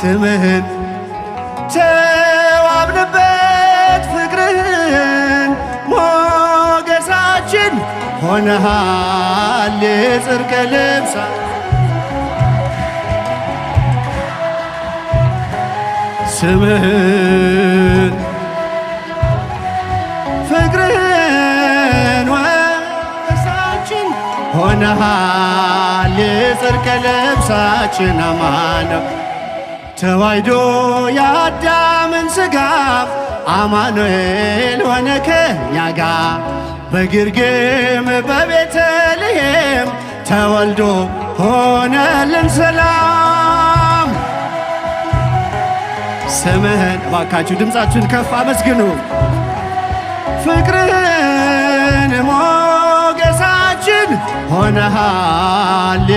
ስምህን ተዋብንበት ፍቅርህን ሞገሳችን ሆነሃል የጽርቅ ልብሳ ስምህን ፍቅርህን ወሳችን ሆነሃል የጽርቅ ልብሳችን አማነው ተዋህዶ የአዳምን ስጋፍ አማኑኤል ሆነ ከኛ ጋ በግርግም በቤተልሔም ተወልዶ ሆነልን ሰላም። ስምህን ባካችሁ ድምፃችሁን ከፍ አመስግኑ። ፍቅርህን ሞገሳችን ሆነሃል